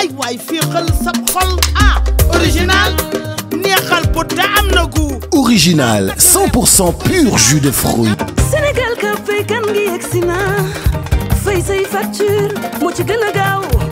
ay waay féexal sa xol ah original neexal bu te am na gu original 100% pur jus de fruits Sénégal ka fay kan gi yegsi na fay say facture moo ci gën a gaaw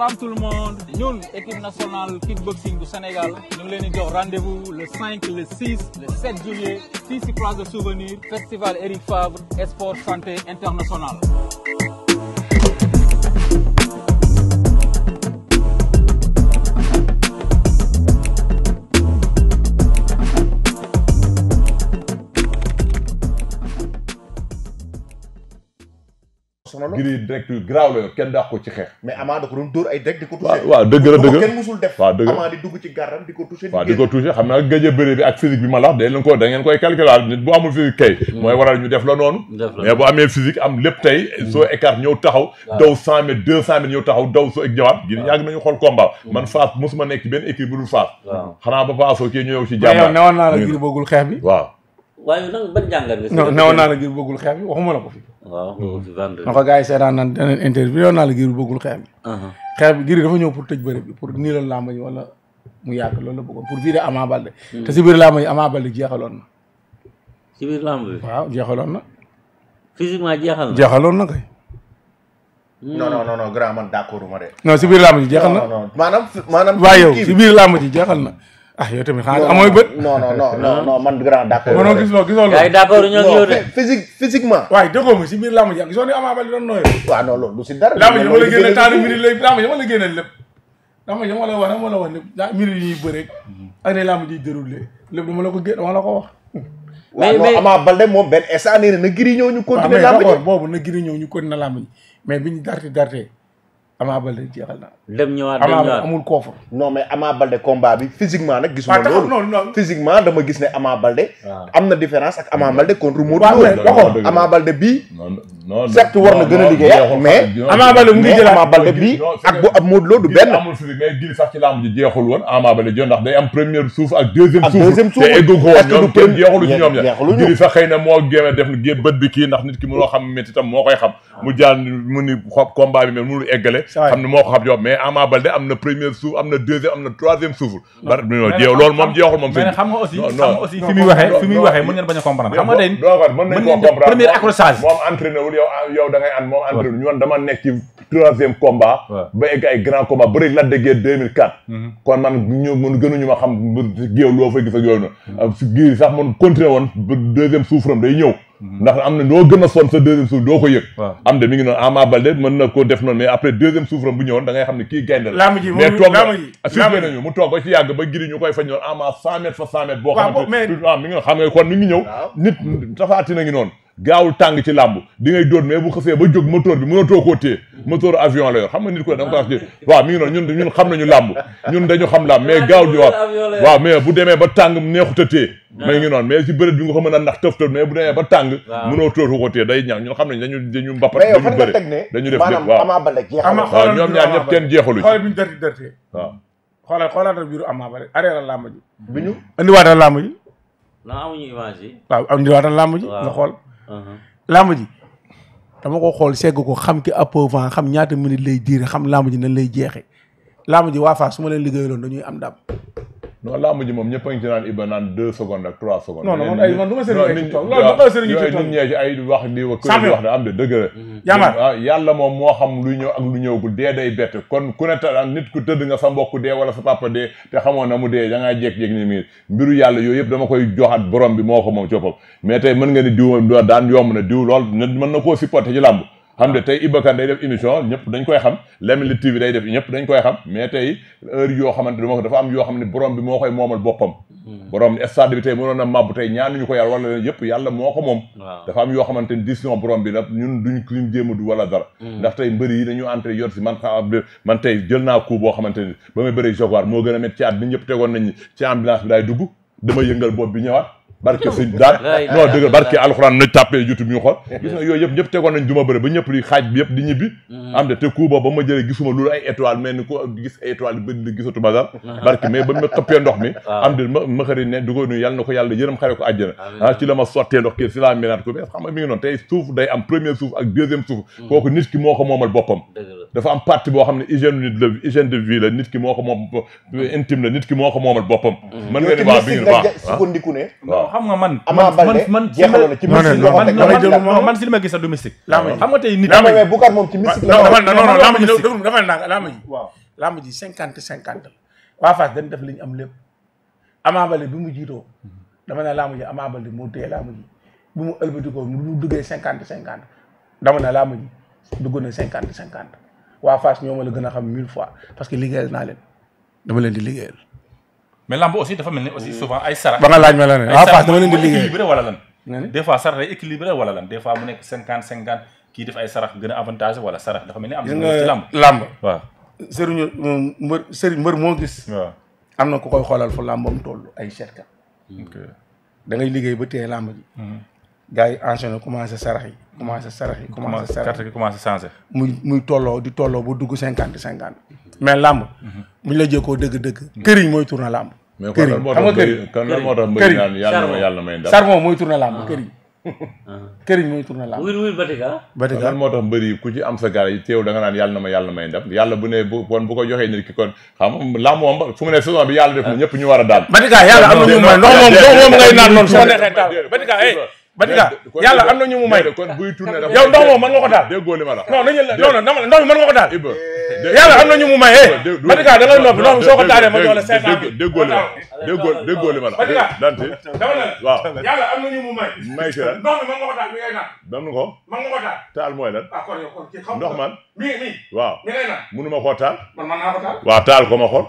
salaam tout le monde ñun équipe nationale kickboxing bu Sénégal ñu ngi leen di jox rendez-vous le 5 le 6 le 7 juillet fii ci place de souvenir festival Eric Favre sport santé international giri direct yu garaaw kenn daax ko ci xeex da ko doon dóor waaw dëgg la dëgg waaw di ko touché xam naa gëj a bi ak physique bi ma lax dañ leen ko da koy calculer nit bu amul physique kay hmm. mooy waral ñu def la noonu mais bu amee physique am lépp tey hmm. soo écart ñëw taxaw daw cent mètres deux ñëw taxaw daw soo ñëwaat giri yàgg nañu xool combat hmm. man Fass mosuma nekk benn équipe bu dul Fass xanaa ba Fass kii ñëw ci jàmm yow newoon naa la giri xeex bi waaye nag ban jàngat nga. non la ngir bëggul xeex bi waxuma la ko fi. waaw loolu si vendredi. ma ko gars yi seetaan naan danañ interview naa la ngir bëggul xeex bi. Uh-huh. xeex bi ngir ñëw pour tëj bëri bi pour nii la làmb ji wala mu yàgg loolu la bëggoon pour vider Ama Baldé. Hmm. te si biir làmb ji Ama Baldé jeexaloon na. làmb bi. waaw jeexaloon na. physiquement jeexal na jeexaloon na kay. Hmm. non non non grand si biir làmb ji jeexal na. non non waaye yow si ji jeexal na. ah yow tamit xanaa amooy bët. non non non non non man grand d'accord. non non gisoo gisoo loolu. ay d'accord ñoo ngi yow de. physique physiquement. waaye déggoo ma si biir làmb ji gisoo ni Ama Baldé doon nooyoo. waaw non loolu du si dara. làmb ji ma la génne temps de minute lay làmb ji ma la génne lépp. làmb ji ma la wax ma la wax lépp minute yi ñuy bëre ak ne làmb ji déroulé lépp dama la ko génne ma la ko wax. mais mais Ama Baldé moom benn instant nee na na giri ñëw ñu continuer làmb ji. waaw mais boobu na giri ñëw ñu continuer làmb ji mais bi ñu darte darte Ama Balde jeexal na. dem ñëwaat dem ñëwaat amul koofur. non mais Ama Balde combat bi gis ne Ama Balde. Ah. am na différence ak Ama Balde contre Modou Lo. waxoon Ama Balde bii. non a liggéey mais. Ama Balde mu ngi jëlaat Ama Balde bii ak bu ab Modou Lo du benn. amul fi mais gil sax ci lamb ji jeexul woon Ama Balde jox ndax day am première souffle ak deuxième souffle. ak te eggu ko woon ñoom kenn ñoom ñaar gil sax xëy na moo géeme def bët bi kii ndax nit ki mënoo xam métti tam moo koy xam mu jaar mu ni combat bi mais mënul eggale xam ne moo ko xam yow mais Ama Baldé am na premier souffle am na deuxième am na troisième souffle bar jeew loolu moom jeexul moom mais xam nga aussi xam muy waxee fi muy waxee mën ngeen bañ a comprendre xam nga tey mën nañ koo comprendre premier accrochage moom entraîné wul yow yow da nekk ci troisième combat ba egg ay grand combat ba rek la déggee 2004 kon man ñu ma xam géew loo fa gis ak yooyu noonu mhm. sax man continué woon deuxième souffle am day ñëw Mhm. ndax am na noo gën a son sa deuxième suuf doo ko yëg am de mi ngi noonu Ama Baldé mën na ko def noonu mais après deuxième souffram bu ñëwoon da xam ne kii gaynde la mais mu toog ba yàgg ba giri koy fañ noonu Ama cent mètres fa boo xam ne waaw mi ngi xam nga kon mi ngi ñëw nit tafaati na ngi noonu gaawul tàng ci làmb di ngay dóor mais bu xasee ba jóg moteur bi mënatoo koo téye mm. moteur avion la yor xam nga nit ko da nga ko wax ñun ñun xam nañu làmb ñun dañu xam làmb mais gaawul di wax mais bu demee ba tàng neexut a téye ah. mais ngi noonu mais ci bëréb bi a ndax tëf tëf mais bu demee ba tàng mënoo tóor ko téye day ñaaw ñun xam nañ dañu dañu mbappat dañu bëri dañu def lépp waaw waaw ñoom ñaar ñëpp kenn jeexaluñ xoolal bi ñu dërti dërtee waaw xoolal xoolal biiru Ama Baldé areera làmb ji bi ñu indiwaatal làmb ji waaw indiwaatal làmb ji nga xool làmb ji dama ko xool segg ko xam ki appauvant xam ñaata minute lay diire xam làmb ji nañ lay jeexee làmb ji waa Fass su ma leen liggéeyaloon dañuy am ndam non làmb ji moom ñëpp a ngi ci naan Iba naan deux secondes ak trois secondes. non non man wax di wax. sàmm wax da am de dëgg ah, yàlla moom moo xam lu ñëw ak lu ñëwagul dee day bett kon ku ne nit ku tëdd nga sa mbokk dee wala sa papa dee te na mu dee da ngaa jékki-jékki ni yàlla yooyu yëpp dama koy joxaat borom bi moo ko moom coppam mais tey mën nga ni diw daan yomb na diw lool mën na koo supporté ci làmb xam ne tey Iba ka day def émission ñëpp dañ koy xam Lemine TV day def ñëpp dañ koy xam mais tey heure yoo xamante ne dafa am yoo xam ne borom bi moo koy moomal boppam hmm. borom stade bi tey mënoon na màbb tey ñaanuñu ko yàlla wala leen yàlla moo ko moom dafa am yoo xamante ne décision borom bi la ñun duñ kuñ jéem a du wala dara hmm. ndax tey mbëri yi dañu entré yor si man tey jël naa coup boo xamante ni ba may bëri Jaguar moo gën a métti ci at bi ñëpp tegoon nañ ci ambulance bi daay dugg dama yëngal bi ñëwaat barke sëñ daal non dëgg barke alxuraan xool yooyu yëpp ñëpp tegoon nañ duma bëre ba ñëpp di xaaj bi yëpp di ñibbi mm-hmm. am de te ku boobu ba ma jëlee gisuma loolu ay étoile mais ni ko gis ay étoile mm-hmm. ba ma toppee ndox mi am de ma ma xëri ko nuyu na ko yàlla xare ko àjjana ah ci la ma sottee ndox kii si laa miraat ko mais xam nga mi ngi noonu suuf day am premier suuf ak deuxième suuf mm-hmm. kooku nit ki moo ko moomal boppam dafa am partie boo xam ne hygiène de vie la nit ki moo ko moom intime ki moo ko moomal boppam mën nga ah. ne xam nga man. Ama Baldé man ci man man si li ma gis a du mystique. xam nga tey nit ñi mais Boucar la. non ji dafa naan làmb ji. waaw làmb ji cinquante cinquante waa Fass dañ def li ñu am lépp. Ama Baldé bi mu jiitoo dama ne laa ji Ama Baldé moo téye làmb ji bi mu ëlbatikoo bi mu duggee cinquante cinquante dama ne làmb ji dugg na cinquante cinquante waa Fass ñoo ma la gën a xam mille fois parce que liggéeyal naa leen dama leen di liggéeyal mais lamb aussi dafa mel ni aussi souvent ay sara. ba nga laaj ma la ne waaw Fass dama leen di liggéey équilibré lan. des fois sara day équilibré lan des mu nekk cinquante cinquante kii def ay sarax gën a avantage wala sarax dafa mel ni am na ci lamb lamb waaw sëriñu mbër sëriñ mbër moo gis am na ku koy xoolal fu làmbam toll ay seetkat da ngay liggéey ba téye làmb ji mm-hmm. gars yi enchaîné commencé sarax yi commencé sarax yi commencé sarax yi commencé changé muy muy tolloo di tolloo ba ma ah. ah. ah. yàlla na ma yàlla may ndam yàlla bu ne bu kon bu ko joxee ki kon xam nga làmb ne saison bi yàlla def na ñëpp ñu war a daal batika yàlla am na ñu may ngay naan noonu soo neexee taal batika Badika yalla am na ñu mu may kon buy tourné dafa ndox moom mën nga ko daal déggoo li ma ndox mi ko daal Ibra yàlla na ñu mu may eh Badika soo ko taalee ma jox la cinq cent déggoo li ma la déggoo déggoo li ma la Badika na ñu mu may may ci la ndox ko daal mi ngay na ko taal mooy lan ah, ndox man mi mi waaw mi ma naan mënuma koo taal man mën ko taal waaw taal ko ma xool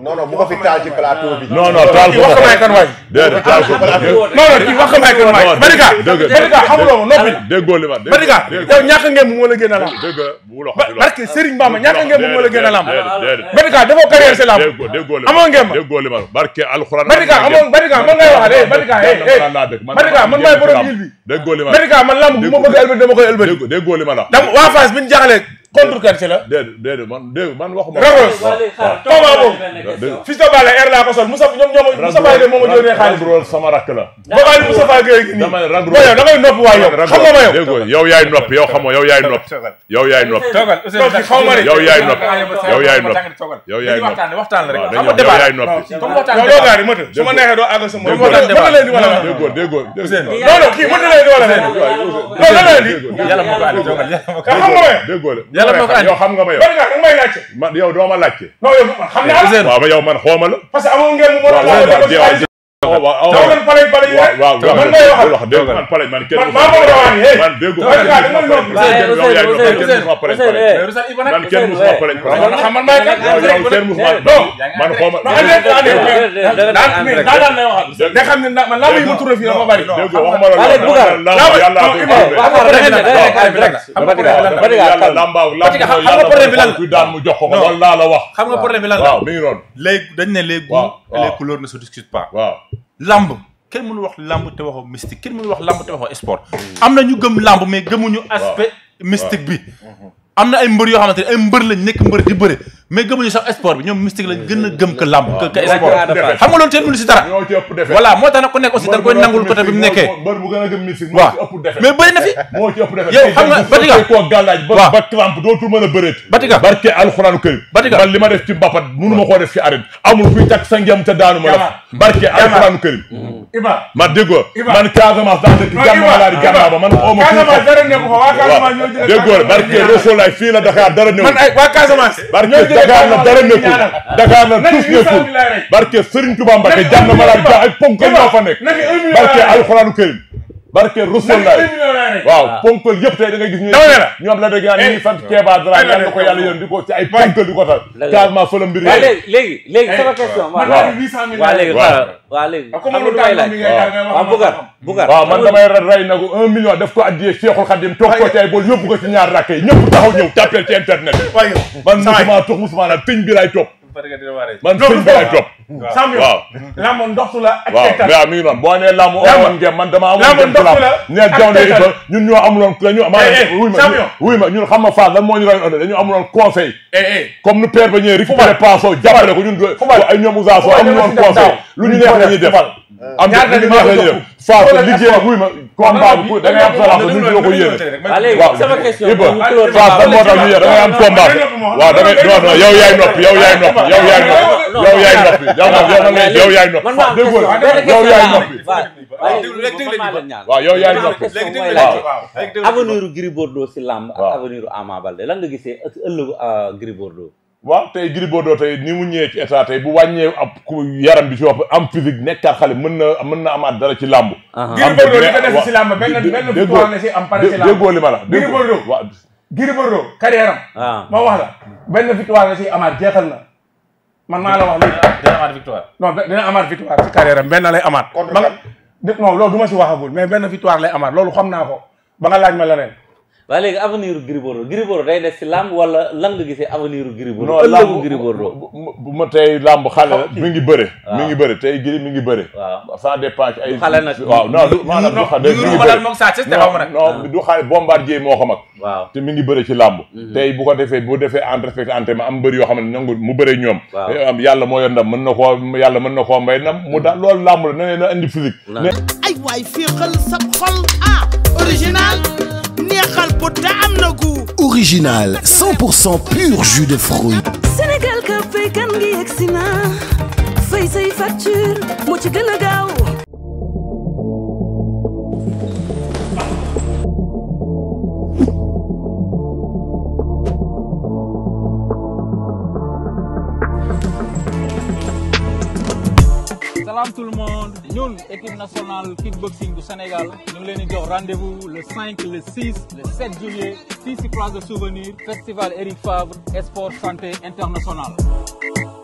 non non bu ko fi taal ci plateau a non non taal ko wax may kan waay. déedéet taal ko non non kii wax may moo la gën a lam. barke Serigne Bamba ñàkk ngeen moo la gën a lam. barke alxuraan. Malika amoo man ngay wax de man maay borom yil bi. déggoo li a la. dama waa Fass contre kan ci la. déedéet déedéet man déedéet man waxuma. Ragros waaw waaw fils de Balla air laa ko sol Moussa ñoom ñoom Moussa Faye de moom a yónnee xaalis. Ragros sama rakk la. boobaali Moussa Faye Gueye gi nii. dama ne Ragros yow da ngay nopp waaye yow xam nga ma yow. déggoo yow yaay nopp yow xam nga yow yaay nopp. yow yaay nopp toogal xaw ma yow yaay nopp yow doo gaari mëtë su ma neexee doo àgg sa moom. mëtë leen di wala la. déggoo déggoo non non kii mëtë leen di yàlla moo ko yow xam nga ma yow. bari nga may laajte. man yow doo ma laajte. yow xam naa la waaw waaw waaw man palay palay waaw waaw man ngay wax wax dégg man palay man kenn maa ko rawani hey man déggu ko da nga ñu man kenn mu sama palay man xam man may kan kenn mu sama do man xoma daan mi daan lay wax da xam ne man la muy mu turé fi dafa bari déggu waxuma la la yàlla ko yàlla lambaaw la xam nga problème bi lan ku daan mu jox ko loolu laa la wax xam nga problème bi lan waaw mi ngi noonu léegi dañ ne les goûts et les couleurs ne se discutent pas waaw làmb kenn mënu wax làmb te o waxoo mystique kenn mënu wax làmb te waxoo sport am na ñu gëm làmb mais gëmuñu aspect mystique bi mhm. am na ay mbër yoo xamante ne ay mbër lañ nekk mbër di bëre mais gëmuñu sax sport bi ñoom mystique lañ gën gëm que làmb que sport xam nga loolu si dara voilà moo tax nag ku nekk aussi dañ koy nangul côté bi mu nekkee waaw mais barke alxuraanu kër barke alxuraanu kër mm-hmm. man Casamance man Casamance ñoo jël déggoo barke Rosolay fii la dara néew Dakar la dara nekkul Dakar la tus nekkul barke Serigne Touba Mbacke jàmm na ma laaj ja ay ponk ñoo fa nekk barke alxuraanu karim barke Rasulullah waaw ah. ponkal yëpp tey da ngay gis ñu ñu la eh, eh, dëgg eh, yàlla ñuy sant Kéba Dara yal na ko yàlla yoon di ko ci ay ponkal di ko tal carrément fële mbir yi léegi léegi sama question waaw waaw léegi waaw léegi ah, xam nga lu may laaj na ko un million def ko addiyee Cheikhul Khadim toog ko ci ay bool yóbbu ko ci ñaar rakk yi ñëpp taxaw ñëw tàppeel ci internet man musuma toog musuma naan piñ man piñ bi lay cent mille waaw lamb ndoxtu la ak tegtal waaw mi ngi noonu boo nee lamb oon man dama amul lamb ndoxtu la ñe jawnde iba ñun ñoo amuloon dañu eh, eh, ma wuy ma ñun xam nga Fass lan moo ñu rayoon ëllëg dañu amuloon conseil eh, comme nu père ba ñëwee récupéré paasoo jàppale ko ñun ay amuloon conseil lu ñu neex la ñuy def am lu ñu neex la ñuy def Fass liggéey wuy ma combat bi da ngay am sa làmb ñun ko yéene waaw Fass moo tax ñu yéene da ngay am combat waaw da ngay non non yow noppi yow yaay noppi yow nag yow yaay noppi déggoo yow yaay noppi waaw yow yaay noppi waaw avenir u Gris Bordeaux si làmb ak avenir u Ama Baldé lan nga gisee euh, tey Gris Bordeaux tey ci état bu wàññee ab yaram bi ci wopp am physique nekkaat xale mën na mën na amaat dara ci làmb Gris Bordeaux li ko def si làmb benn benn victoire la si am ma la Gris Bordeaux waaw am ah. ma na man maa la wax léegi ah, dina amaat victoire. non dina amaat victoire ci carrière am benn lay amaat. kon non loolu du si waxagul mais benn victoire lay amaat loolu xam naa ko ba nga laaj ma leneen waaye léegi avenir u Gris Bordeaux Gris Bordeaux day des ci làmb wala lan nga gisee avenir u Gris Bordeaux ëllëgu Gris bu ma tey làmb xale la ah, mi ngi bëre ah. mu ngi bëre tey Gris mi ngi bëre waaw ça dépend ci ay xale nag waaw non du maanaam du xale mi ngi bëre moom saa si xaw moo ko mag mi ngi bëre ci làmb mhm. tey bu ko defee bu defee en respect am bëri yoo xam ne nangu mu bëre ñoom am yàlla moo yor ndam mën na koo yàlla mën na koo mbay ndam mu daal loolu làmb la na indi physique ay waay fii xel sa xol ah, original neexal ko te am na gu. original 100% pur jus de fruits. Sénégal café kan ngi yegsi na fay say facture moo ci gën a gaaw. Salam tout le monde. ñun équipe nationale kickboxing du Sénégal ñu ngi leen di jox rendez-vous le 5 le 6 le 7 juillet fii ci place de souvenir festival Eric Favre sport santé international